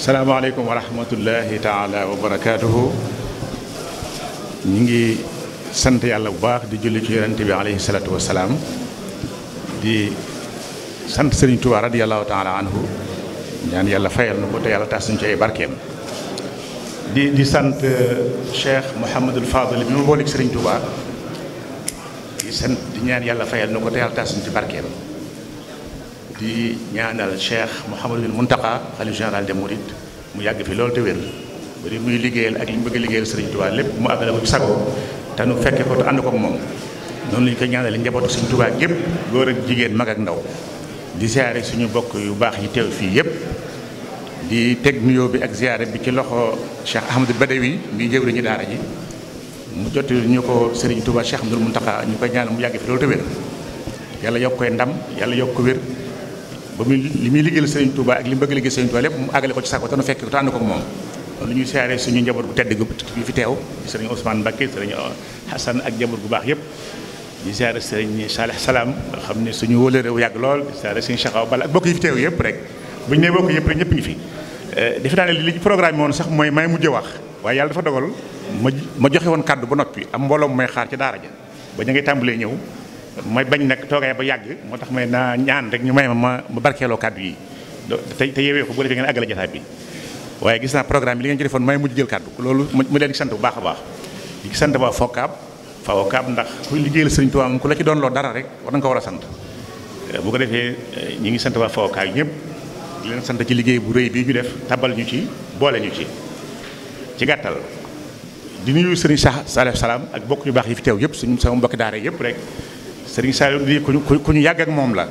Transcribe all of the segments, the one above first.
salaamaaleykum wa rahmatullahi taala wa barakaatuhu ñu ngi sant yàlla bu baax di julli ci yonente bi alayhi salaatu wa salaam di sant Serigne Touba radiyallahu taala anhu ñaan yàlla fayal na ko te yàlla tax suñ ci ay barkeem di di sant euh, Cheikh Mouhamadul Fadil bi ma booleeg Serigne Touba di sant di ñaan yàlla fayal na ko te yàlla tax suñ ci barkeem. di ñaanal Cheikh Mouhamadul Mountakha xalif général des Mourides mu yàgg fi loolu te wér bari muy liggéeyal ak li mu bëgg liggéeyal Serigne Touba lépp mu àggale ko sago te nu fekk ko te ànd koog moom noonu lañu koy ñaanale njabootu Serigne Touba gépp góor ak jigéen mag ak ndaw di siyaare suñu bokk yu baax yi teew fii yépp di teg bi ak siyaare bi ci loxo Cheikh Ahmadou Badawi mi jëwriñu daara ji mu jot ñu ko Serigne Touba Cheikh Ahmadou Mountakha ñu koy ñaanal mu yàgg fi loolu te wér yàlla yokk koy ndam yàlla yokk ko wér ba muy li muy liggéeyal Serigne Touba ak li mu bëgg liggéey Serigne Touba lépp mu àggale ko ci sax ko te nu fekk ko te ànd ko moom lu ñuy siyaare suñu njaboot gu tedd gi fi teew Serigne Ousmane Mbacké Serigne yëpp di siyaare Serigne Salih Salam xam ne suñu wëla réew yàgg lool di siyaare Serigne Cheikh Awa Balla ak bokk yi fi teew yëpp rek bu ñu nee bokk yëpp rek ñëpp ngi fi eh, defe naa ne li programme woon sax mooy may mujj wax waaye yàlla dafa dogal ma ma joxe woon kàddu ba noppi am mbooloo may xaar ci daara ja ba ñu ngay tàmbalee ñëw mooy bañ nag toogaay ba yàgg moo tax may naa ñaan rek ñu may ma ma barkeeloo kàddu yi te te yeewee ko bu defee ngeen àggale jotaay bi waaye gis naa programme bi li ngeen ci may mujj jël kàddu loolu mu leen di bu baax baax sant waa Fokaab Fokaab ndax ku liggéeyal Sëriñ Tuubaa ku la ci doon loo dara rek war nga ko war a sant eh, bu ko defee eh, ñu ngi sant waa Fokaab ñëpp di leen sant ci liggéey bu rëy bii ñu def tabal ñu ci boole ñu ci ci gàttal di nuyu Sëriñ Sax Salef Salaam ak bokk yu baax yi fi teew yëpp suñu sama mbokki daara yëpp rek sëriñ Saliou di ku ñu ku ñu yàgg moom la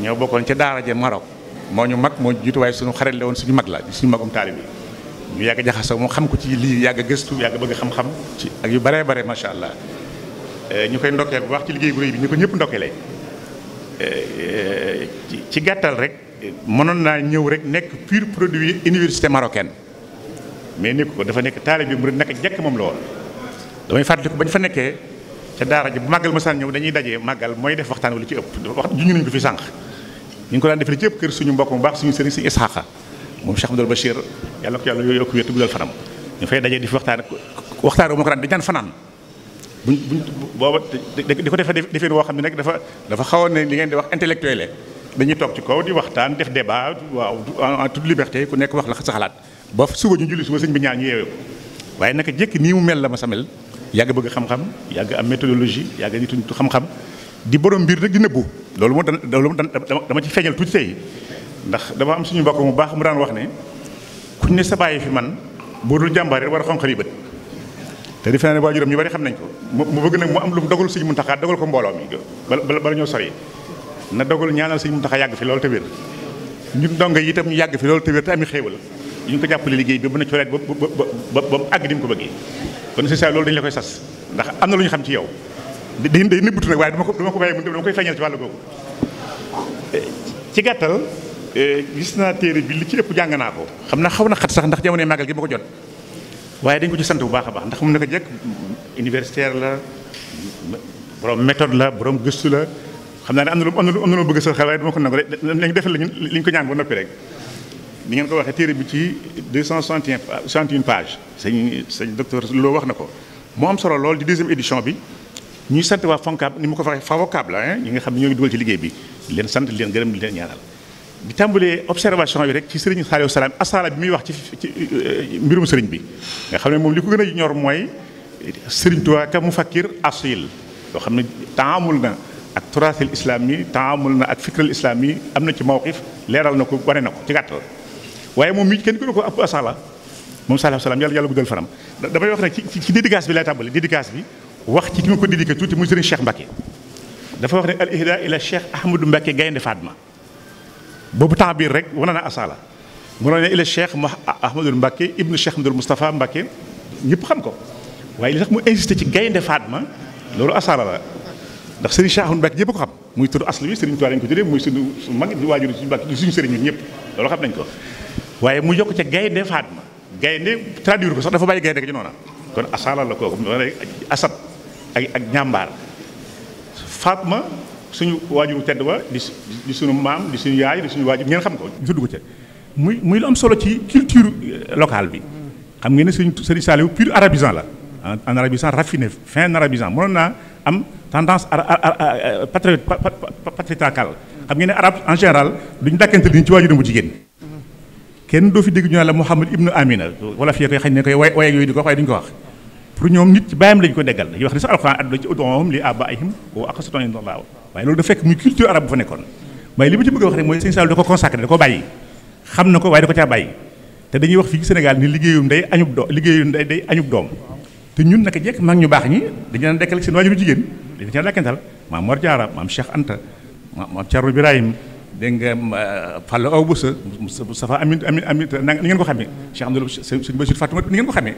ñoo bokkoon ca daara ja Maroc moo ñu mag moo jiitu waaye suñu xarit la woon suñu mag la suñu magum taalib yi ñu yàgg jaxasoo moom xam ko ci lii yàgg gëstu yàgg bëgg xam-xam ci ak yu baree bare macha allah eh, ñu koy ndokkee bu wax ci liggéey bu réy bi ñu ko ñëpp ndokkelee eh, ci gàttal rek mënoon naa ñëw rek nekk pur produit université marocaine mais nekk ko dafa nekk taalib bi mu nekk jekk moom la woon ca daara ji bu màggal ma saan ñëw dañuy daje màggal mooy def waxtaan lu ci ëpp wax juñu nañu ko fi sànq ñu ngi ko daan defee ci ëpp kër suñu mbokk mu baax suñu sëriñ suñu Isxaaqa moom Cheikh Abdoul yàlla ko yàlla yokk wér te dajee di waxtaan waxtaan bu ma ko daan dañu daan fanaan buñ buñ booba di ko defee xam ne nag dafa dafa xawoon ne li ngeen di wax intellectuel dañuy toog ci kaw di waxtaan def débat waaw en toute liberté ku nekk wax la sa xalaat ba suba ñu julli bi ñaan ñu waaye naka jékki nii mu mel la ma samel yàgg bëgg xam-xam yàgg am méthodologie yàgg nitu nitu xam-xam di borom mbir nag di nëbbu loolu moo loolu moo dama ci feeñal tuuti tey ndax dama am suñu mbokk mu baax mu daan wax ne kuñ ne sa bàyyi fi man boo jàmbaar jàmbaare war a xonq yi bët te defe naa ne waajuram ñu bari xam nañ ko mu bëgg nag mu am lu mu dogal mun muntaxaa dogal ko mbooloo mi bala bala ñoo sori na dogal ñaanal suñu taxa yàgg fi loolu te wér ñun ndongo yi itam ñu yàgg fi loolu te wér te ñu ngi ko jàppale liggéey bi ba na coreet ba ba ba mu àgg ni mu ko bëggee kon c'est loolu dañu la koy sas ndax am na lu ñu xam ci yow day day nëbbutu nag waaye dama ko dama ko bàyyi mu dama koy feeñal ci wàllu googu eh, gis naa téere li ci ëpp jàng naa ko xam naa xaw na xat sax ndax jamonoy màggal gi ma ko jot waaye dañ ko ci sant bu baax a baax ndax mu ne ko jekk universitaire la borom méthode la borom gëstu la xam naa ne am na lu am na lu bëgg a sërxal waaye dama ko nangu rek lañ defal lañ ko ñaan ba noppi rek ni ngeen ko waxee téere bi ci 261 page sëñ sëñ docteur loo wax na ko mu am solo lool di deuxième édition bi ñuy sant waa FONCAB ni mu ko waxee FAVOCAB la ñu nga xam ne ñoo ngi dugal ci liggéey bi leen sant leen gërëm leen ñaanal di tàmbalee observation bi rek ci sëriñ Saliou Salam asala bi muy wax ci ci euh, mbirum sëriñ bi nga xam ne moom li ko gën a ñor mooy sëriñ Tuubaa ka mu fakkir asil loo xam ne taamul na ak turaasil islam yi taamul na ak fikral islam yi am na ci mawqif leeral na ko wane na ko ci gàttal waaye moom mi kenn gënu ko ëpp sax la moom sallallaahu alayhi wa sallam yàlla guddal faram damay wax nag ci ci dédicace bi lay tàmbali dédicace bi wax ci ki nga ko dédicace tuuti muy sëriñ Cheikh Mbacke dafa wax ne al ihda ila Cheikh Ahmadou Mbacke Gaynde Fatma boobu temps biir rek wana na asala mu ne ma Ahmadou Mbacke ibnu Cheikh Ahmadou Moustapha Mbacke ñëpp xam ko waaye li tax mu ci Gaynde Fatma loolu asala la ndax sëriñ Cheikh Ahmadou Mbacke ñëpp ko xam muy tudd aslu bi sëriñ Tuubaa lañ ko jëlee muy mag waajur suñu sëriñ ñun ñëpp loolu xam nañ ko waaye mu yokk ca gaynde Fatma gaynde traduire ko sax dafa bàyyi gaynde ko ci noona kon asala la kooku asat ak ak ñàmbaar ma suñu waajur tedd wa di di suñu maam di suñu yaay di suñu waajur ngeen xam ko judd ko ca muy muy lu am solo ci culture euh, locale bi xam ngeen ne suñu Serigne Saliou pur arabisant la en arabisant raffiné fin arabisant mënoon naa am tendance patriarcale xam ngeen ne arab en général duñu dàkkante ni ci waajur bu jigéen kenn doo fi dégg ñu ne la Mouhamad ibnu Amina wala fii koy xañ ne koy way waye di ko wax waaye duñu ko wax pour ñoom nit ci bàyyam loolu da fekk muy culture arabe bu fa nekkoon waaye li ma ci bëgg a wax rek mooy sëñ Saliou da ko consacré da ko bàyyi xam na ko waaye da ko caa bàyyi te dañuy wax fii Sénégal ni liggéeyum day añub doom liggéeyum day day añub doom te ñun naka jekk mag ñu baax ñi dañu daan dekkal seen waajuru jigéen dañu caa dakkantal maam Mor Diarra maam Cheikh maam Thierno dégg nga Fallou Awa Boussa Moustapha Amin Amin Amin na ngeen ko xamee Cheikh Amadou sëñ Bachir Fatou ni ngeen ko xamee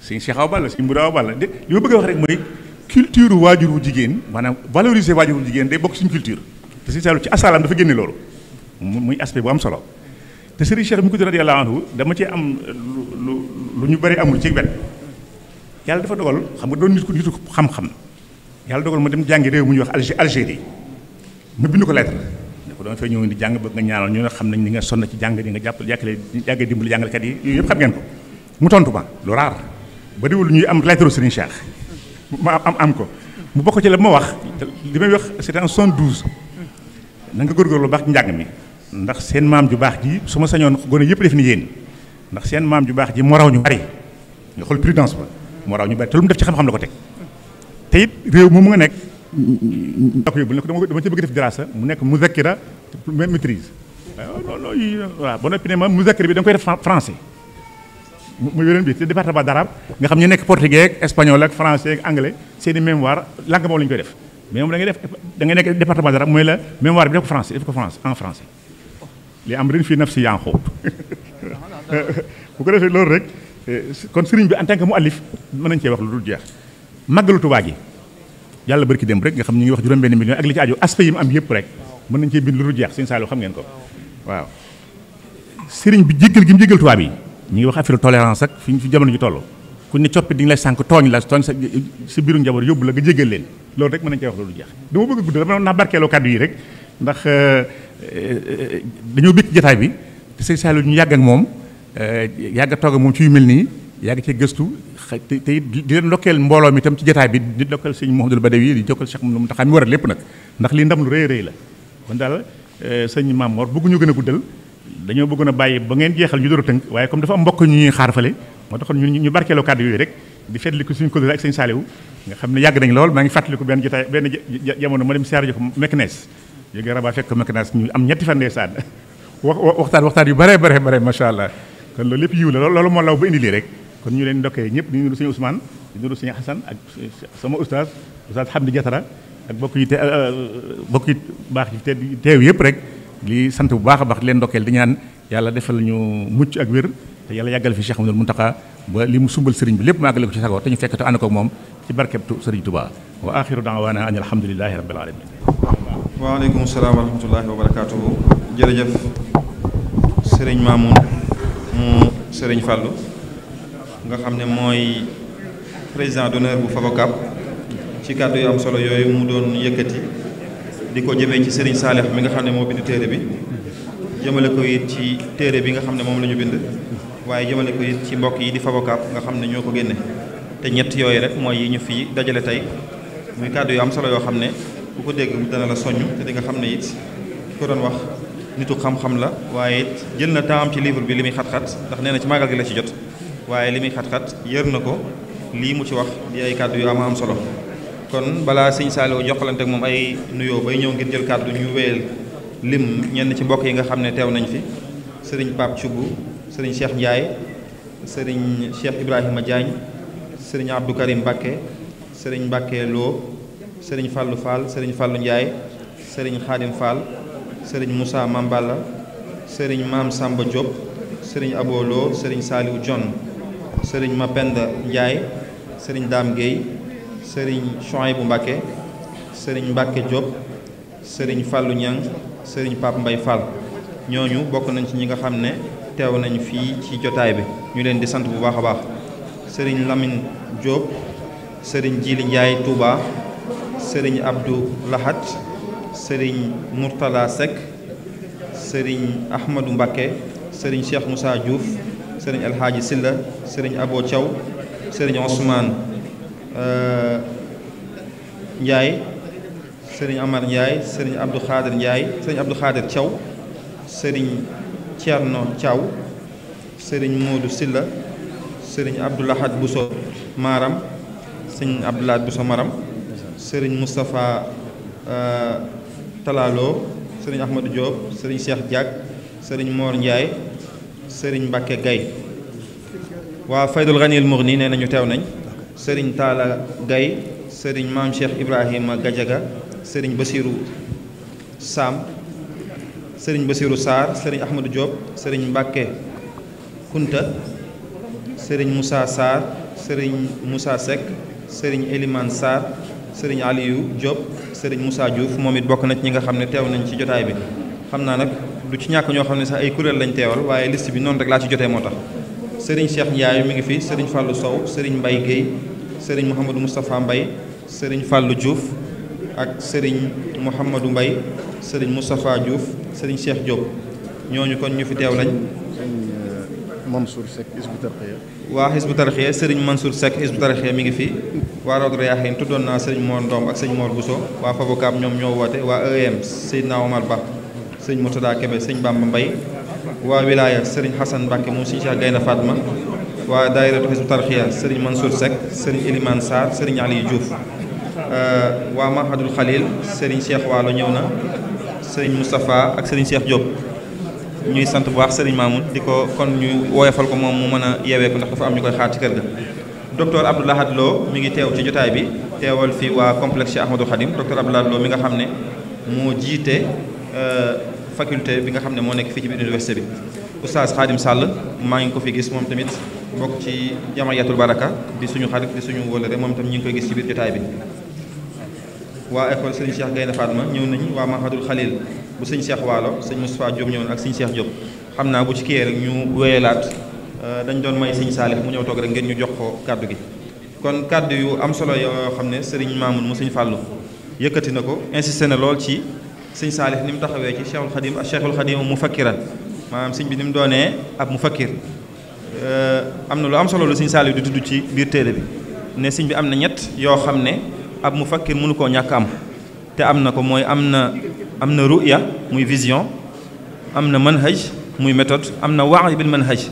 sëñ Cheikh Awa Balla sëñ Mourou Awa Balla de li ma bëgg a wax rek mooy culture waajur wu jigéen maanaam valoriser waajur wu jigéen day bokk suñu culture te sëñ Saliou ci asalaam dafa génne loolu muy aspect bu am solo te sëriñ Cheikh mi ko radiyallahu anhu dama ci am lu lu ñu bëri amul ci benn yàlla dafa dogal xam nga doon nit ku nitu xam-xam yàlla dogal ma dem jàngi réew ñuy wax Algérie ma bind ko lettre dama fay ñëw di jàng bëgg nga ñaanal ñu ne xam nañ ni nga sonn ci jàng di nga jàpp jàkkale jàggee dimbali jàngalekat yi yooyu yëpp xam ngeen ko mu tontu ma lu raar ba diwul ñuy am lettre Serigne Cheikh ma am am ko mu bokk ci la ma wax li may wax c'était en 72 na nga góorgóorlu baax ci njàng mi ndax seen maam ju baax ji su ma sañoon gone yëpp def ni yéen ndax seen maam ju baax ji moo raw ñu bari nga xool prudence ba moo raw ñu bari te lu mu def ci xam-xam la ko teg te it réew moom mu nga nekk. ndax bu ne ko dama ci bëgg def diraasa mu nekk mu zakkira même maîtrise ah, non non yii euh, voilà ba noppi ne ma muzakkir bi da nga koy def français mu yeneen bi te département d'arabe nga xam ñu nekk portugais ak espagnol ak français ak anglais seen i mémoire langue moom la koy def mais moom da def da ngay nekk département d'arabe mooy la mémoire bi def ko français def ko français en français li am ren fii naf si yaa xóot bu ko defee loolu rek eh, kon sëriñ bi en tant que mu allif mën nañu cee wax lu dul jeex màggalu waa gi yàlla barki dem rek nga xam am yëpp rek mën nañ cee bind lu jeex sëñ Saliou xam ngeen ko waaw sëriñ bi jéggal gi mu jéggal tubaab yi ñu ngi wax affaire tolérance ak fi fi jamono ñu toll ku ne coppi di ñu lay sànq tooñ la tooñ sa sa biiru njaboot yóbbu la nga jéggal leen loolu rek mën nañ cee wax lu dul a gudd dama rek ndax euh, euh, dañoo bëgg jataay bi te sëñ Saliou ñu yàgg ak moom euh, yàgg a toog ak moom ci yu mel nii yàgg cee gëstu te te di leen ndokkeel mbooloo mi itam ci jataay bi di ndokkeel sëñ Mouhamadou Badawi di jokkal Cheikh Mountakha mi waral lépp nag ndax lii ndam lu la kon daal euh, sëñ Mamor bëgguñu gën a guddal dañoo bëgg a bàyyi ba ngeen jeexal ñu door a tënk waaye comme dafa am mbokk ñu ñuy xaar fale moo taxoon ñu rek di fetliku suñu ko ak nga xam ne yàgg nañ lool maa ngi fàttaliku benn jotaay benn jamono ma dem siyaare ko Meknès yéegi rabaa fekk Meknès ñu am ñetti fan ndeysaan wax waxtaan waxtaan yu bare bare bare macha allah kon loolu lépp yiw la loolu moo law ba indi rek kon ñu leen ndokkee ñëpp di nuyu suñu Ousmane di nuyu suñu Hassan ak sama oustaz oustaz Hamdi Jatara ak bokk te euh, euh, bokk yi baax yi te teew yëpp rek li sant bu baax a baax leen ndokkeel di ñaan yàlla defal ñu mucc ak wér te yàlla yàggal fi Cheikh Amadou Mountakha ba li mu sumbal sëriñ bi lépp màggale ko ci sago te ñu fekk te ànd ko moom ci barkeb sëriñ Touba wa axiru daawaana an alhamdulilahi rabbil alamin waaleykum salaam wa rahmatullahi wa barakatuhu jërëjëf sëriñ Mamoun mu sëriñ Fallou nga xam ne mooy président d'honneur bu FAVOCAP ci kàddu yu am solo yooyu mu doon yëkkati di ko jëmee ci Serigne Saalix mi nga xam ne moo bind téere bi jëmale ko it ci téere bi nga xam ne moom la bind waaye jëmale ko it ci mbokk yi di Fabocap nga xam ne ñoo ko génne te ñett yooyu rek mooy yi ñu fi dajale tey muy kàddu yu am solo yoo xam ne ku ko dégg dana la soññ te di nga xam ne it ko doon wax nitu xam-xam la waaye it jël na temps ci livre bi li muy xat-xat ndax nee na ci màggal gi la ci jot waaye li muy xat-xat na ko lii mu ci wax di yu am am solo kon balaa sëñ Saliou joxalante ak moom ay nuyoo bay ñëw ngir jël kàddu ñu wéyal lim ñenn ci mbokk yi nga xam ne teew nañ fi sëriñ Pape Thioubou sëriñ Cheikh Ndiaye sëriñ Cheikh Ibrahima Diagne sëriñ Abdou Karim Mbacké sëriñ Mbacké Lo sëriñ Fallou Fall sëriñ Fallou Ndiaye sëriñ Khadim Fall sëriñ Moussa mambala sëriñ Maam Samba Diop sëriñ Abolo sëriñ Saliou John sëriñ Mapenda Ndiaye sëriñ Dame Guèye sëriñ bu Mbacké sëriñ Mbacké Diop sëriñ Fallou Niang sëriñ Pape Mbaye Fall ñooñu bokk nañ ci ñi nga xam ne teew nañu fii ci jotaay bi ñu leen di sant bu baax a baax sëriñ Lamine Diop sëriñ Djili Ndiaye Touba sëriñ Abdou Lahat sëriñ Mourtala Seck sëriñ Ahmadou Mbacké sëriñ Cheikh Moussa Diouf sëriñ Alhaaji Silla sëriñ aboo Thiaw sëriñ Ousmane Euh, Ndiaye sëriñ Amar Ndiaye sëriñ Abdou Khader Ndiaye sëriñ Abdou Khader Thiaw sëriñ Thierno Thiaw sëriñ Modou Silla sëriñ Abdou Lahad Bousso Maram sëriñ Abdou Lahad Bousso Maram sëriñ Moustapha euh, Talalo sëriñ Ahmadou Diop sëriñ Cheikh Diak sëriñ Mor Ndiaye sëriñ Mbacke Gaye waa Faydul Ghaniyul Mourni nee nañu teew nañ sëriñ Talla Gaye sëriñ maam Cheikh Ibrahima Gajaga sëriñ Basiru Sam sëriñ Basiru Sarr sëriñ Ahmadou Diop sëriñ Mbacke Kunta sëriñ Moussa Sarr sëriñ Moussa Seck sëriñ Elimane Sarr sëriñ Aliou Diop sëriñ musa Diouf moom it bokk na ci ñi nga xam ne teew nañ ci jotaay bi xam naa nag du ci ñàkk ñoo xam ne sax ay kuréel lañ teewal waaye liste bi noonu rek laa ci jotee moo tax. sëriñ Cheikh Ndiaye mi ngi fi sëriñ Fallou Sow sëriñ mbay Guèye sëriñ Mouhamadou Moustapha Mbaye sëriñ Fallou juuf ak sëriñ Mouhamadou mbay sëriñ mustafa Diouf sëriñ Cheikh Diop ñooñu kon ñu fi teew lañ. Mansour Seck Hizbut Tarqiyyah. waa Hizbut Tarqiyyah sëriñ Mansour Seck Hizbut Tarqiyyah mi ngi fi. waa Rawdu Rayaahiin tuddoon naa sëriñ Mor Ndom ak sëñ Mor Bousso waa Fabocab ñoom ñoo woote waa EEM Seydina Omar Ba sëñ Murtada Kébé sëñ Bamba mbay waa wilaaya sëriñ Xasan Mbàkke moom sëriñ Cheikh Gaynde Fatma waa daayiratu Hizbu Tarxiya sëriñ Mansour Seck sëriñ Elimane Sarr sëriñ Aliou Diouf euh, waa Mahadul Khalil sëriñ Cheikh Waalo ñëw na sëriñ Moustapha ak sëriñ Cheikh Diop ñuy sant bu baax sëriñ Mamoun di ko kon ñu woyofal ko moom mu mën a yeewee ko ndax dafa am ñu koy xaar ci kër ga docteur Abdou Lahad Lo mi ngi teew ci jotaay bi teewal fii waa complexe Ahmadou Khadim docteur Abdou Lahad Lo mi nga xam ne moo jiite euh, faculté bi nga xam ne moo nekk fii ci université bi oustaz Khadim Sall maa ngi ko fi gis moom tamit bokk ci jamayatul baraka di suñu xarit di suñu rek moom tam ñu ngi koy gis ci biir jotaay bi waa école sëñ Cheikh Gaynde ma ñëw nañ waa Mahadul Khalil bu sëñ Cheikh Waalo sëñ Moustapha Diop ñëw na ak sëñ Cheikh Diop xam naa bu ci kii rek ñu laat euh, dañ doon may sëñ Saalix mu ñëw toog rek ngeen ñu jox ko kàddu gi kon kàddu yu am solo yoo xam ne sëriñ Mamoun mu sëñ Fàllu yëkkati na ko insisté na sëñ Saalix ni mu taxawee ci Cheikhul Xadim ak Cheikhul Xadim mu fakkiran maanaam sëñ bi ni mu doonee ab mu fakkir euh, am na lu am solo lu sëñ di tudd ci biir téere bi ne sëñ bi am na ñett yoo xam ne ab mu fakkir mënu koo ñàkk am na ko mooy am na am na ruya muy vision am na manhaj muy méthode am na waax bil manhaj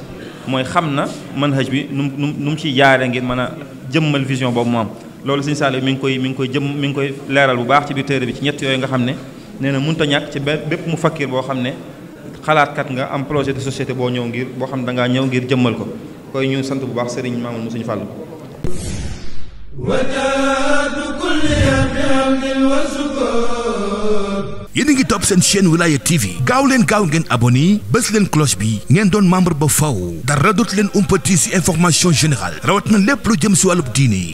mooy xam na manhaj bi nu mu nu mu ciy jaare ngir mën a jëmmal vision boobu mu loolu sëñ Saalix mi ngi koy mi ngi koy jëm ngi koy leeral bu baax ci biir téere bi ci ñett yooyu nga xam ne nee na mënut a ñàkk ci bépp mu fakkir boo xam ne xalaat kat nga am projet de société boo ñëw ngir boo xam ne da ngaa ñëw ngir jëmmal ko koy ñu sant bu baax sëriñ Mamoun mu suñu fàllu yéen a ngi topp seen chaîne Wilaya TV gaaw leen gaaw ngeen abonné bés leen cloche bi ngeen doon membre ba faw dara dootu leen umpati ci information général rawat na lépp lu jëm ci wàllub diine